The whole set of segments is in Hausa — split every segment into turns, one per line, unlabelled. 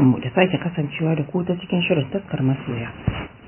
mu da sake kasancewa da ku ta cikin shirin taskar masoya,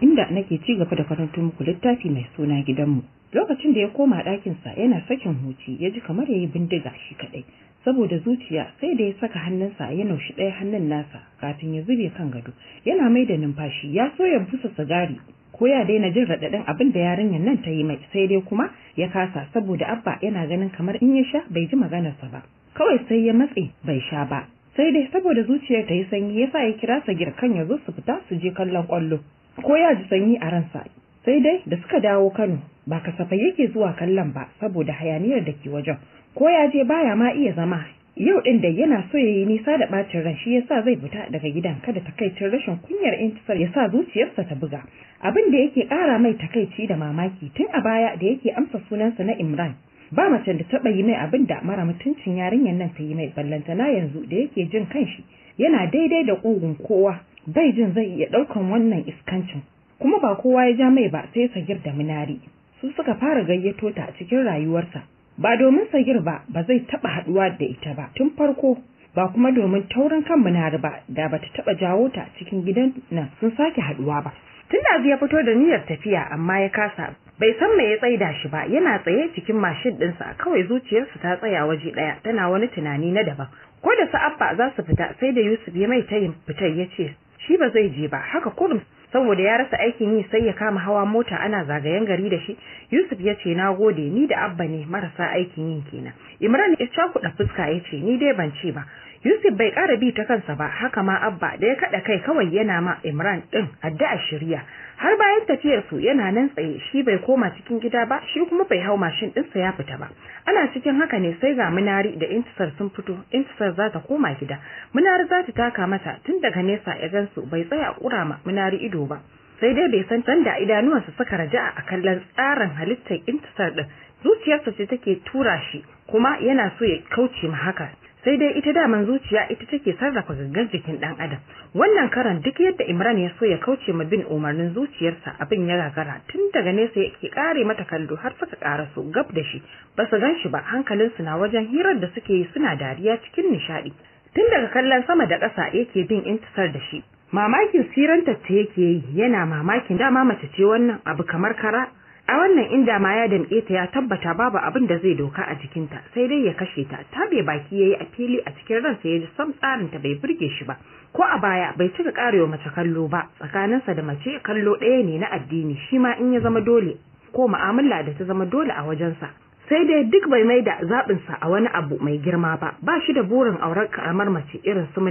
inda nake ci gaba da karanto muku littafi mai suna gidanmu. Lokacin da ya koma ɗakinsa yana sakin huci ya ji kamar ya yi bindiga shi kaɗai, saboda zuciya sai da ya saka hannunsa ya naushi ɗaya hannun nasa kafin ya zube kan gado. Yana mai da numfashi ya so ya busa sigari ko ya daina jin raɗaɗin abin da yarinyar nan ta yi mai sai dai kuma ya kasa saboda abba yana ganin kamar in ya sha bai ji maganarsa ba. Kawai sai ya matse bai sha ba sai dai saboda zuciyar ta yi sanyi ya sa ya kira sa girkan ya zo su fita su je kallon kwallo ko ya ji sanyi a ransa sai dai da suka dawo Kano ba kasafai yake zuwa kallon ba saboda hayaniyar da ke wajen ko ya je baya ma iya zama yau din da yana so ya yi nisa da bacin ran shi sa zai fita daga gidan kada takaicin rashin kunyar intisar ya sa zuciyarsa ta buga abin da yake kara mai takaici da mamaki tun a baya da yake amsa sunansa na Imran ba mace da taɓa yi mai abin da mara mutuncin yarinyar nan ta yi mai ballantana yanzu da yake jin kanshi yana daidai da ƙugun kowa bai jin zai iya ɗaukan wannan iskancin kuma ba kowa ya ja mai ba sai sagir da minari su suka fara gayyato ta a cikin rayuwarsa ba domin sagir ba ba zai taɓa haɗuwa da ita ba tun farko ba kuma domin taurin kan minari ba da bata taɓa jawo ta cikin gidan nan sun sake haɗuwa ba tun da ya fito da niyyar tafiya amma ya kasa bai san me ya tsaida shi ba yana tsaye cikin mashin ɗinsa kawai zuciyarsa ta tsaya waje ɗaya tana wani tunani na daban ko da Abba za su fita sai da yusuf ya mai tayin fitar ya ce shi ba zai je ba haka kurum saboda ya rasa aikin yi sai ya kama hawa mota ana zagayen gari da shi yusuf ya ce na gode ni da abba ne marasa aikin yin kenan imran ya cakuɗa fuska ya ce ni dai ban ce ba yusuf bai ƙara bi ta kansa ba haka ma abba da ya kaɗa kai kawai yana ma imran ɗin addu'a shirya har bayan tafiyar su yana nan tsaye shi bai koma cikin gida ba shi kuma bai hau mashin ɗinsa ya fita ba ana cikin haka ne sai ga munari da intisar sun fito intisar za ta koma gida munari za ta taka mata tun daga nesa ya gansu bai tsaya kura ma munari ido ba sai dai bai san tanda idanuwansa suka raja a kallon tsarin halittar intisar ɗin zuciyarsa ce take tura shi kuma yana so ya kauce ma haka sai dai ita daman zuciya ita take sarrafa gangan jikin dan adam wannan karan duk yadda Imran ya so ya kauce ma bin umarnin zuciyarsa abin ya gagara tun daga nesa yake kare mata kallo har suka karasu, su gab da shi ba su gan shi ba hankalinsu na wajen hirar da suke yi suna dariya cikin nishadi tun daga kallon sama da ƙasa yake bin intisar da shi mamakin siranta ta yake yi yana mamakin dama mace ce wannan abu kamar kara a wannan inda ma ya damƙe ta ya tabbata babu abin da zai doka a jikinta sai dai ya kashe ta Ta bai baki yayi a fili a cikin ransa ya ji sam tsarin ta bai burge shi ba ko a baya bai cika karewa mace kallo ba tsakaninsa da mace kallo ɗaya ne na addini shi ma in ya zama dole ko mu'amala da ta zama dole a wajensa sai dai duk bai mai da zaɓinsa a wani abu mai girma ba ba shi da burin auren karamar mace irin su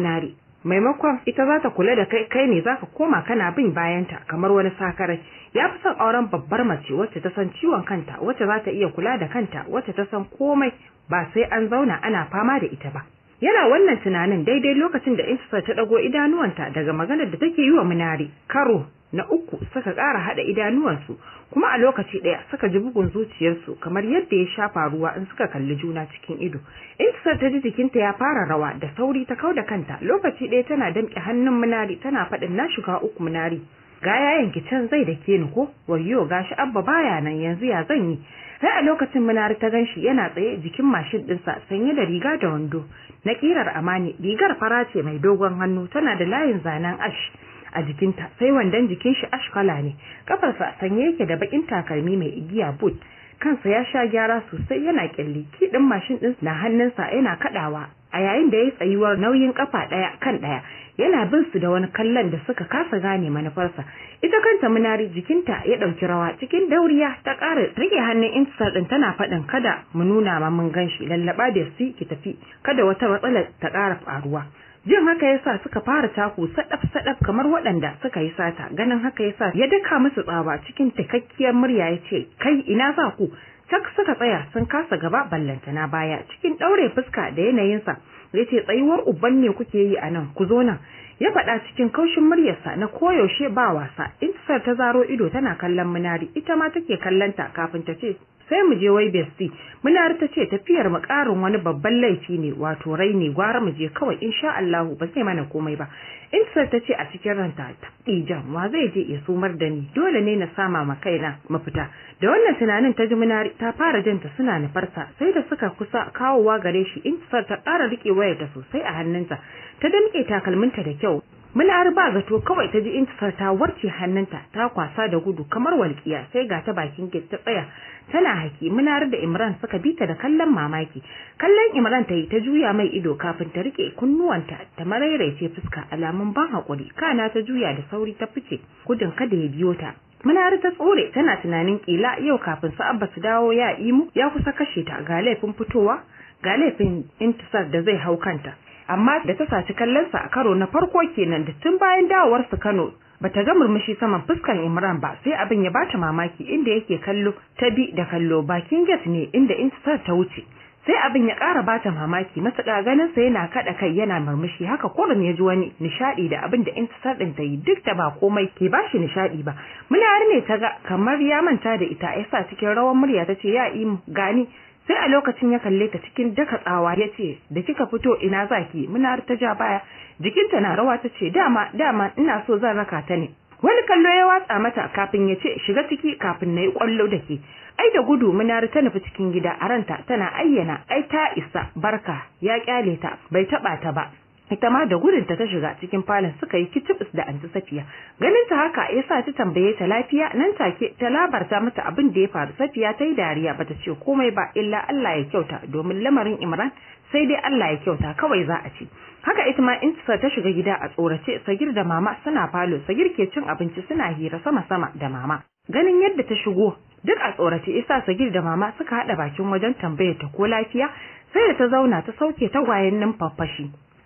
maimakon ita za ta kula da kai kai ne za ka koma kana bin bayanta kamar wani sakarai ya fi son auren babbar mace wacce ta san ciwon kanta wacce za ta iya kula da kanta wacce ta san komai ba sai an zauna ana fama da ita ba yana wannan tunanin daidai lokacin da insa ta dago idanuwanta daga maganar da take yi wa munari karo na uku suka ƙara haɗa idanuwansu kuma a lokaci ɗaya suka ji bugun zuciyarsu kamar yadda ya shafa ruwa in suka kalli juna cikin ido intisar ta ji jikinta ya fara rawa da sauri ta kau da kanta lokaci ɗaya tana damƙe hannun munari tana faɗin na shiga uku munari ga yayan ki can zai da ke ni ko wayyo gashi abba baya nan yanzu ya zan yi sai a lokacin minari ta ganshi yana tsaye jikin mashin ɗinsa sanye da riga da wando na ƙirar amani rigar fara ce mai dogon hannu tana da layin zanen ash a jikinta sai wandon jikin shi ashkala ne kafarsa sanye yake da bakin takalmi mai igiya boot kansa ya sha gyara sosai yana kyalli kiɗin mashin ɗin na hannunsa yana kaɗawa a yayin da ya yi tsayuwar nauyin kafa ɗaya kan ɗaya yana bin su da wani kallon da suka kasa gane manufarsa ita kanta munari jikinta ya ɗauki rawa cikin dauriya ta ƙara rike hannun intisar ɗin tana faɗin kada mu nuna ma mun ganshi Lallaɓa da su ki tafi kada wata matsala ta ƙara faruwa jin haka yasa suka fara taku sadaf sadaf kamar waɗanda suka yi sata ganin haka yasa ya daka musu tsaba cikin takakkiyar murya ya ce kai ina za ku tak suka tsaya sun kasa gaba ballantana baya cikin ɗaure fuska da yanayinsa ya ce tsayuwar uban ne kuke yi a nan ku zo nan ya faɗa cikin kaushin muryarsa na koyaushe ba wasa intisar ta zaro ido tana kallon munari ita ma take kallonta kafin ta ce sai mu je wai besti muna ta ce tafiyar mu karin wani babban laifi ne wato rai ne gwara mu je kawai insha Allah ba sai mana komai ba sai ta ce a cikin ranta ta Ijan wa zai je ya sumar da ni dole ne na sama ma kaina mafita da wannan tunanin ta ji munari ta fara jinta suna nufarsa sai da suka kusa kawowa gare shi in sai ta ƙara wayar ta sosai a hannunta ta damƙe takalminta da kyau Mul'ar ba zato kawai ta ji intifar ta warce hannunta ta kwasa da gudu kamar walƙiya sai ga ta bakin gate ta tsaya tana haki Mul'ar da Imran suka bi ta da kallon mamaki kallon Imran ta yi ta juya mai ido kafin ta rike kunnuwanta ta maraice fuska alamun ban hakuri kana ta juya da sauri ta fice gudun kada ya biyo ta Munari ta tsore tana tunanin kila yau kafin su Abba su dawo ya imu ya kusa kashe ta ga laifin fitowa ga laifin intisar da zai hau kanta amma da ta saci kallon sa a karo na farko kenan da tun bayan dawowarsa Kano bata ga murmushi saman fuskan Imran ba sai abin ya bata mamaki inda yake kallo ta bi da kallo bakin gate ne inda Intisar ta wuce sai abin ya ƙara bata mamaki matuƙa ganin sa yana kada kai yana murmushi haka kurin ya ji wani nishadi da abin da Intisar din ta yi duk da ba komai ke bashi nishadi ba har ne ta ga kamar ya manta da ita yasa cikin rawan murya tace ya imu gani sai a lokacin ya kalle ta cikin daka tsawa ya ce da kika fito ina zaki muna ta ja baya jikinta na rawa ta ce dama dama ina so zan raka ta ne wani kallo ya watsa mata kafin ya ce shiga ciki kafin na yi kwallo da ke ai da gudu munar ta nufi cikin gida a ranta tana ayyana ai ta isa barka ya kyale ta bai taba ta ba ita ma da gudun ta shiga cikin falon suka yi kicibis da anti safiya ganin ta haka ya sa ta tambaye ta lafiya nan take ta labarta mata abin da ya faru safiya ta yi dariya bata ce komai ba illa Allah ya kyauta domin lamarin Imran sai dai Allah ya kyauta kawai za a ce haka ita ma in ta shiga gida a tsorace sagir da mama suna falo sagir ke cin abinci suna hira sama sama da mama ganin yadda ta shigo duk a tsorace isa sagir da mama suka hada bakin wajen tambayar ta ko lafiya sai da ta zauna ta sauke tagwayen nan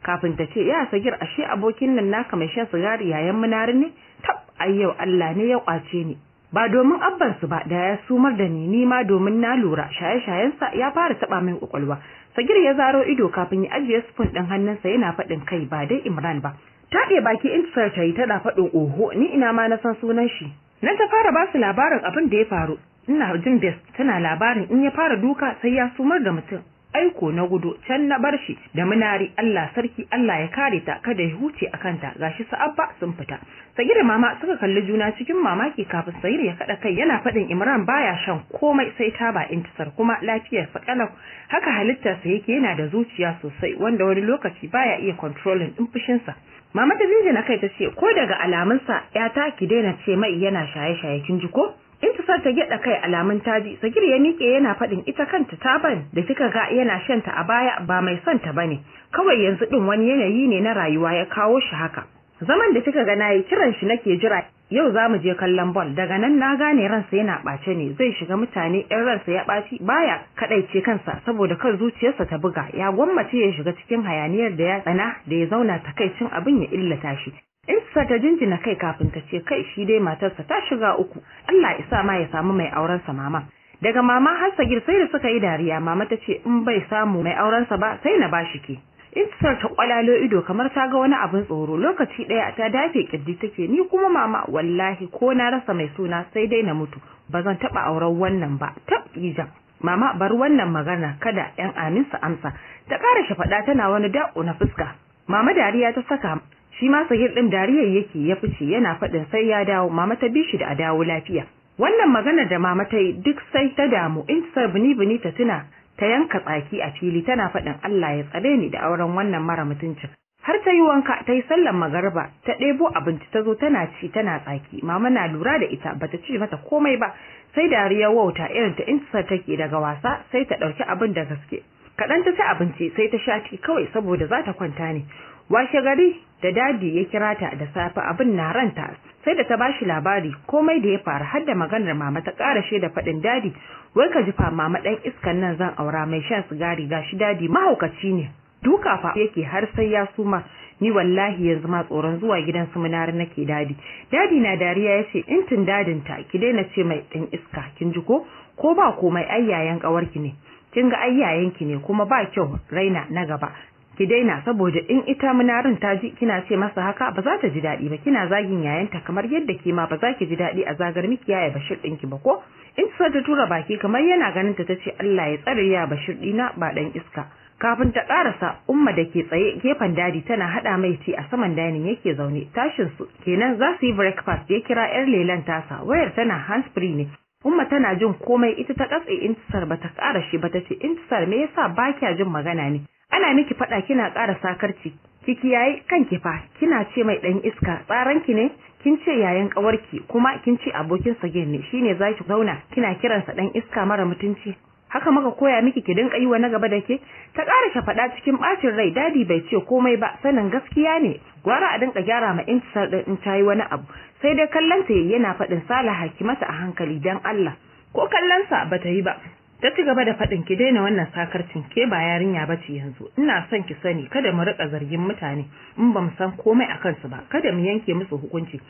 kafin ta ce ya sagir ashe abokin nan naka mai shan sigari yayan munari ne tab ai yau Allah ne ya kwace ni ba domin abbansu ba da ya sumar da ni ni ma domin na lura shaye shayen sa ya fara taba min kwakwalwa sagir ya zaro ido kafin ya ajiye spoon din hannunsa yana faɗin kai ba dai imran ba Ta taɗe baki in ta yi tana faɗin oho ni ina ma na san sunan shi nan ta fara ba su labarin abin da ya faru ina jin best tana labarin in ya fara duka sai ya sumar da mutum aiko na gudu can na bar shi da munari Allah sarki Allah ya kare ta kada ya huce a kanta gashi sa'abba sun fita sagir da mama suka kalli juna cikin mamaki kafin sagir ya kada kai yana faɗin Imran baya shan komai sai ta ba intisar kuma lafiyar fakalau haka halittarsa yake yana da zuciya sosai wanda wani lokaci baya iya controlling din fushinsa mama ta jinjina kai ta ce ko daga alamun sa ya ta ki daina ce mai yana shaye-shaye kin ji ko in ta ta gyada kai alamun taji, Sagir ya miƙe yana faɗin ita kanta taban da kika ga yana shanta a baya ba mai son ta bane. Kawai yanzu din wani yanayi ne na rayuwa ya kawo shi haka. Zaman da kika ga nayi kiran shi nake jira. Yau za mu je kallon ball daga nan na gane ransa yana ɓace ne zai shiga mutane ɗan ransa ya ɓaci baya kaɗaice kansa saboda kan zuciyarsa ta buga ya gwammace ya shiga cikin hayaniyar da ya tsana da ya zauna takaicin abin ya illata shi Isa ta jinjina kai kafin ta ce kai shi dai matarsa ta shiga uku. Allah isa ma ya samu mai aurensa mama. Daga mama har Sagir sai da suka yi dariya mama ta ce in bai samu mai aurensa ba sai na bashi ke. Isar ta kwalalo ido kamar ta ga wani abin tsoro lokaci ɗaya ta dafe kirji take ni kuma mama wallahi ko na rasa mai suna sai dai na mutu ba zan taɓa auren wannan ba tab ija. mama bar wannan magana kada yan aminsa amsa ta ƙara shafaɗa tana wani da'o na fuska mama dariya ta saka shi ma sahir din dariyar yake ya fice yana faɗin sai ya dawo mama ta bi shi da a dawo lafiya wannan magana da mama ta yi duk sai ta damu in ta bini bini ta tuna ta yanka tsaki a fili tana faɗin Allah ya tsare ni da auren wannan mara mutuncin har ta yi wanka ta yi sallan magarba ta ɗebo abinci ta zo tana ci tana tsaki mama na lura da ita bata ci mata komai ba sai dariya wauta irin ta intisar take daga wasa sai ta ɗauki abin da gaske kaɗan ta ci abinci sai ta sha ti kawai saboda za ta kwanta ne washe gari da dadi ya kira ta da safe abin na ranta sai da ta bashi labari komai da ya faru har da maganar mama ta ƙara da faɗin dadi wai ka jifa mama ɗan iskan nan zan aura mai shan sigari gashi dadi mahaukaci ne duka fa yake har sai ya suma ni wallahi yanzu ma tsoron zuwa gidan su munar nake dadi dadi na dariya ya ce. in tun dadin ta ki daina ce mai ɗan iska kin ji ko ko ba komai ai yayan kawarki ne kin ga ai ki ne kuma ba kyau raina na gaba ki daina saboda in ita munarin ta ji kina ce masa haka ba za ta ji daɗi ba kina zagin yayanta kamar yadda ke ma ba za ki ji daɗi a zagar miki yaya bashir ɗinki ba ko in ta ta tura baki kamar yana ganin ta ce Allah ya tsare ya bashir ɗina ba ɗan iska kafin ta ƙarasa umma da ke tsaye gefen dadi tana haɗa mai ti a saman dining yake zaune tashin su kenan za su yi breakfast ya kira yar lelan tasa wayar tana hands free ne umma tana jin komai ita ta katse intisar bata ƙara shi bata ce intisar me yasa ba kya jin magana ne ana miki faɗa kina ƙara sakarci kiki yayi kanki fa kina ce mai ɗan iska tsaranki ne kin ce yayan ƙawarki kuma kin ce abokin sa ne shine zaki zauna kina kiransa ɗan iska mara mutunci haka maka koya miki ki dinka yi wa na gaba da ke ta ƙara shafaɗa cikin ɓacin rai dadi bai ce komai ba sanin gaskiya ne gwara a dinka gyara ma intisar ɗin in ta wani abu sai dai kallon ta yana faɗin sala haki mata a hankali dan Allah ko kallon sa ba ta yi ba ta ci gaba da faɗin ki daina wannan sakarcin ke ba yarinya ba ce yanzu ina son ki sani kada mu rika zargin mutane in ba mu san komai a kansu ba kada mu yanke musu hukunci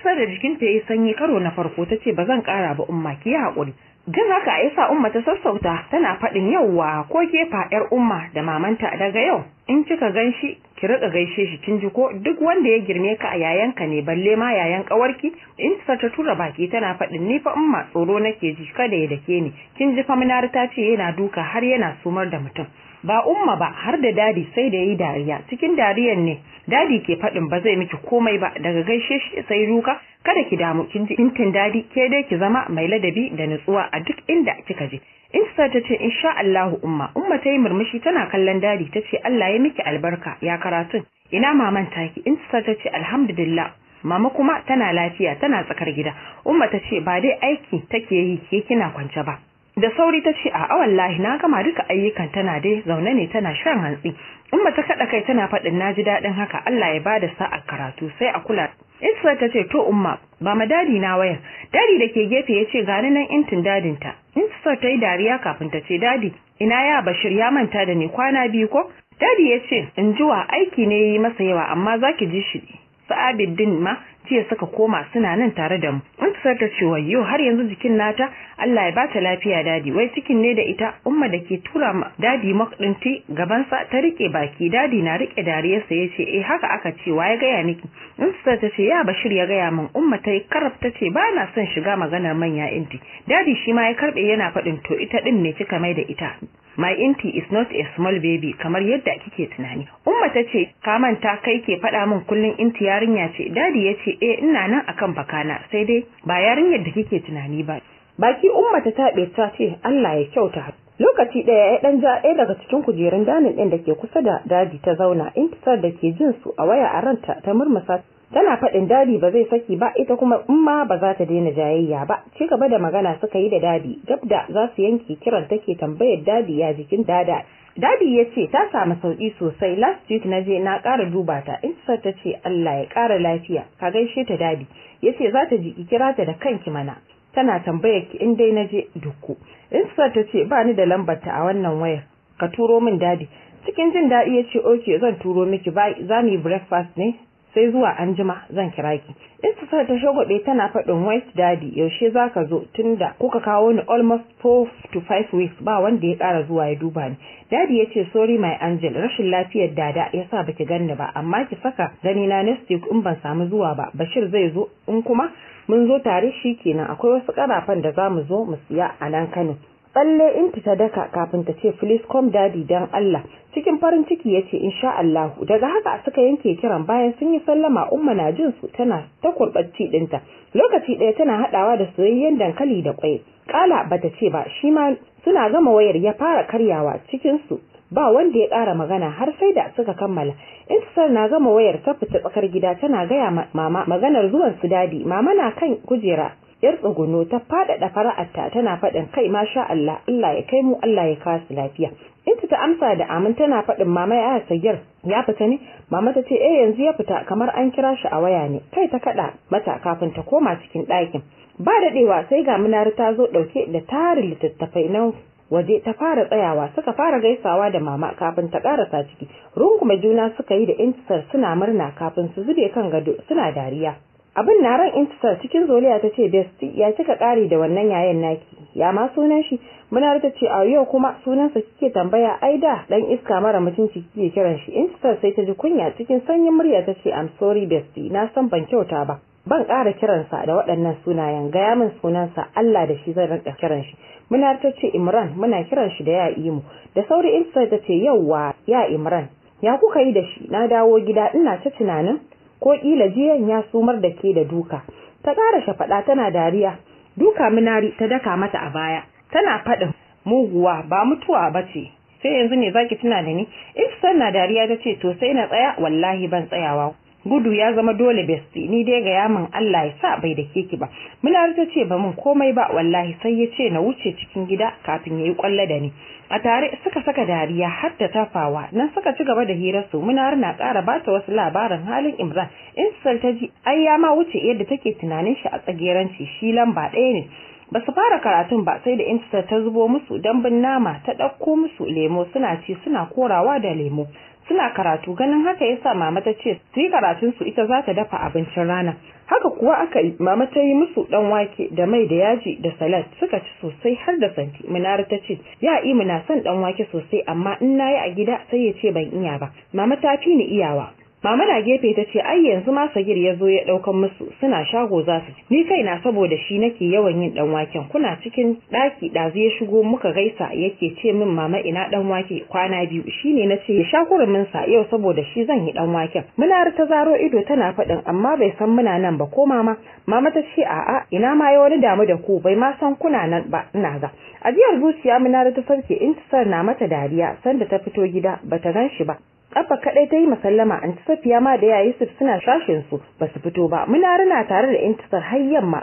tsar da jikinta yayi sanyi karo na farko tace ba zan ƙara ba umma ki yi haƙuri Jin haka ya sa Umma ta sassauta tana faɗin yauwa ko gefa ‘yar Umma da mamanta daga yau in kika gan shi ki riƙa gaishe shi kin ji ko duk wanda ya girme ka a yayanka ne balle ma yayan ƙawarki in ta tura baki tana faɗin ni fa Umma tsoro nake ji kada ya dake ni kin ji fa ta ce yana duka har yana sumar da mutum. ba umma ba har da dadi sai da yi dariya cikin dariyan ne dadi ke fadin ba zai miki komai ba daga gaishe shi sai ruka kada ki damu kin ji intin dadi ke dai ki zama mai ladabi da nutsuwa a duk inda kika je Insa ta ce insha Allah umma umma ta yi murmushi tana kallon dadi ta ce Allah ya miki albarka ya karatun ina maman taki Insa ta ce alhamdulillah mama kuma tana lafiya tana tsakar gida umma ta ce ba dai aiki take yi ke kina kwance ba da sauri ta ce a'a wallahi na gama duka ayyukan tana dai zaune ne tana shan hantsi in ba ta kaɗa kai tana faɗin na ji daɗin haka Allah ya bada sa'a karatu sai a kula Isra ta ce to umma ba ma dadi na wayan dadi da ke gefe ya ce gani nan intin dadinta Isra ta yi dariya kafin ta ce dadi ina ya bashir ya manta da ni kwana biyu ko dadi ya ce in ji aiki ne yi masa yawa amma zaki ji shi sa'abiddin ma jiya suka koma suna nan tare da mu mun tsar da cewa yau har yanzu jikin nata Allah ya bata lafiya dadi wai cikin ne da ita umma da ke tura ma dadi makdinti gaban sa ta rike baki dadi na rike dariyarsa ya ce eh haka aka ce wa ya gaya miki mun tsar ta ce ya bashir ya gaya min umma ta karab ta ce ba na son shiga maganar manya inti dadi shi ma ya karbe yana faɗin to ita din ne kika mai da ita my inti is not a small baby kamar yadda kike tunani umma ta ce ka manta kai ke faɗa min kullum inti yarinya ce dadi ya eh ina nan akan bakana sai dai ba yarinyar da kike tunani ba baki umma ta taɓe ta ce Allah ya kyauta lokaci ɗaya ya ɗan ja ɗaya daga cikin kujerun danin ɗin da ke kusa da daji ta zauna in intisar da ke jin su a waya a ranta ta murmusa tana faɗin dadi ba zai saki ba ita kuma umma ba za ta daina jayayya ba ci gaba da magana suka yi da dadi gab da za su yanke kiran take tambayar dadi ya jikin dada dadi ya ce ta samu sauki sosai last week na je na ƙara duba ta in Hafsat ta ce Allah ya ƙara lafiya ka gaishe ta dadi yace za ta ji kira ta da kanki mana tana tambayar ki in dai na je dukku Hafsat ta ce ba ni da lambar ta a wannan wayar ka turo min dadi cikin jin daɗi ya ce okay zan turo miki za mu yi breakfast ne sai zuwa anjima zan kira ki Istisar ta ɗaya tana faɗin West Daddy yaushe za ka zo tun da kuka kawo ni almost 4 to 5 weeks ba wanda ya ƙara zuwa ya duba ni. Daddy ya ce sorry my angel rashin lafiyar dada ya sa baki ganni ba amma ki saka gani na next week in ban samu zuwa ba Bashir zai zo in kuma mun zo tare shi kenan akwai wasu ƙarafan da za mu zo mu siya a nan Kano. Tsalle in ta daka kafin ta ce please come daddy dan Allah cikin farin ciki ya ce insha Allah daga haka suka yanke kiran bayan sun yi sallama umma na jin su tana ta kurɓaci ɗinta lokaci ɗaya tana haɗawa da soyayyen dankali da kwai kala bata ce ba shi ma suna gama wayar ya fara karyawa cikin su ba wanda ya ƙara magana har sai da suka kammala intisar na gama wayar ta fita tsakar gida tana gaya mama maganar zuwan su dadi mama na kan kujera yar tsuguno ta faɗaɗa fara'arta tana faɗin kai masha Allah Allah ya kai mu Allah ya kasu lafiya Inta ta amsa da amin tana faɗin mama ya sayar ya fita ne mama ta ce eh yanzu ya fita kamar an kira shi a waya ne kai ta kaɗa mata kafin ta koma cikin ɗakin ba daɗewa sai ga munari ta zo ɗauke da tarin littattafai na waje ta fara tsayawa suka fara gaisawa da mama kafin ta ƙarasa ciki rungume juna suka yi da intisar suna murna kafin su zube kan gado suna dariya abin na ran intisar cikin zoliya ta ce besti ya cika ƙari da wannan yayan naki ya ma sunan shi muna ta ce a yau kuma sunansa kike tambaya ai da dan iska mara mutunci kike kiran shi intisar sai ta ji kunya cikin sanyin murya ta ce am sorry besti na san ban kyauta ba ban ƙara kiransa da waɗannan sunayen gaya min sunansa Allah da shi zan rinka kiran shi muna ta ce Imran muna kiran shi da ya imu da sauri intisar ta ce yauwa ya Imran ya kuka yi da shi na dawo gida ina ta tunanin ko ƙila jiyan ya sumar da ke da duka ta ƙara shafaɗa tana dariya duka minari ta daka mata a baya tana faɗin muguwa ba mutuwa ba ce sai yanzu ne zaki tuna da ni in na dariya ta ce to sai na tsaya wallahi ban tsayawa gudu ya zama dole besti ni dai ga yamin Allah ya sa bai da keki ba mular ta ce ba mun komai ba wallahi sai ya ce na wuce cikin gida kafin yayi kwalla da ni a tare suka saka dariya har da tafawa nan suka ci gaba da hirar su munar na ƙara ba ta wasu labarin halin Imran in ta ji ai ya ma wuce yadda take tunanin shi a tsageranci shi lamba ɗaya ne ba su fara karatun ba sai da insta ta zubo musu dambun nama ta ɗauko musu lemo suna ci suna korawa da lemo suna karatu ganin haka yasa mama ta ce su yi karatun su ita za ta dafa abincin rana haka kuwa aka yi mama ta yi musu dan wake da mai da yaji da salad suka ci sosai har da santi munara ta ce ya mu na son dan wake sosai amma in na yi a gida sai ya ce ban iya ba mama ta fi ni iyawa mama na gefe ta ce ai yanzu ma sagir ya zo ya daukan musu suna shago za su ni na saboda shi nake yawan yin dan waken kuna cikin ɗaki ɗazu ya shigo muka gaisa yake ce min mama ina dan wake kwana biyu shine na ce ya sha min sa yau saboda shi zan yi dan waken muna ta zaro ido tana faɗin amma bai san muna nan ba ko mama mama ta ce a'a ina ma ya wani damu da ku bai ma san kuna nan ba ina za? ajiyar zuciya muna ta sarke intisar na mata dariya sanda ta fito gida bata gan shi ba abba kaɗai ta yi masallama an safiya ma da ya yusuf suna shashin su ba su fito ba muna rana tare da intisar har yamma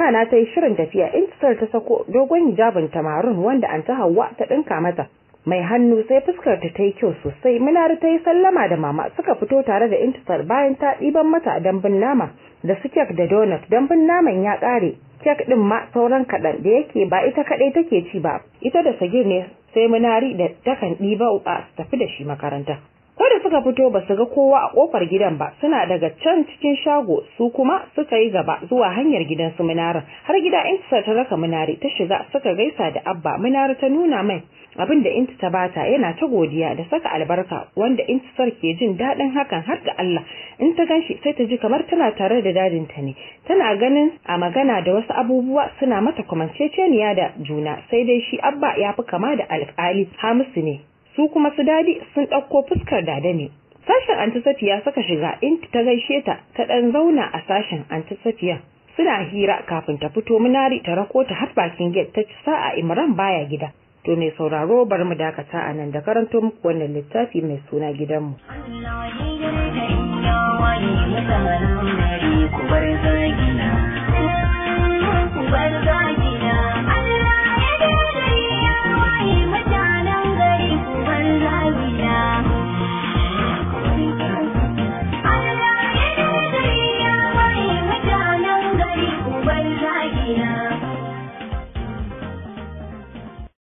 kana ta yi shirin tafiya intisar ta sako dogon hijabin tamarun wanda an ta hawa ta dinka mata mai hannu sai fuskar ta yi kyau sosai munari ta yi sallama da mama suka fito tare da intisar bayan ta ɗiban mata a dambun nama da su kek da donut dambun naman ya ƙare kek ɗin ma sauran kaɗan da yake ba ita kaɗai take ci ba ita da sagir ne sai munari da takan ɗiba a tafi da shi makaranta ko da suka fito ba su ga kowa a kofar gidan ba suna daga can cikin shago su kuma suka yi gaba zuwa hanyar gidan su minara har gida intisar ta raka minari ta shiga suka gaisa da abba munari ta nuna mai abin da inta ta bata yana ta godiya da saka albarka wanda intisar ke jin daɗin hakan har da Allah in ta ganshi sai ta ji kamar tana tare da ta ne tana ganin a magana da wasu abubuwa suna mata kamanceceniya da juna sai dai shi abba ya fi kama da alƙali hamisu ne su kuma su dadi sun ɗauko fuskar dada ne sashen antisafiya suka shiga in ta gaishe ta ta ɗan zauna a sashen antisafiya suna hira kafin ta fito munari ta rako ta har bakin gate ta ci sa'a imran baya gida to mai sauraro bar mu dakata a nan da karanto muku wannan littafi mai suna gidanmu ku bar zagina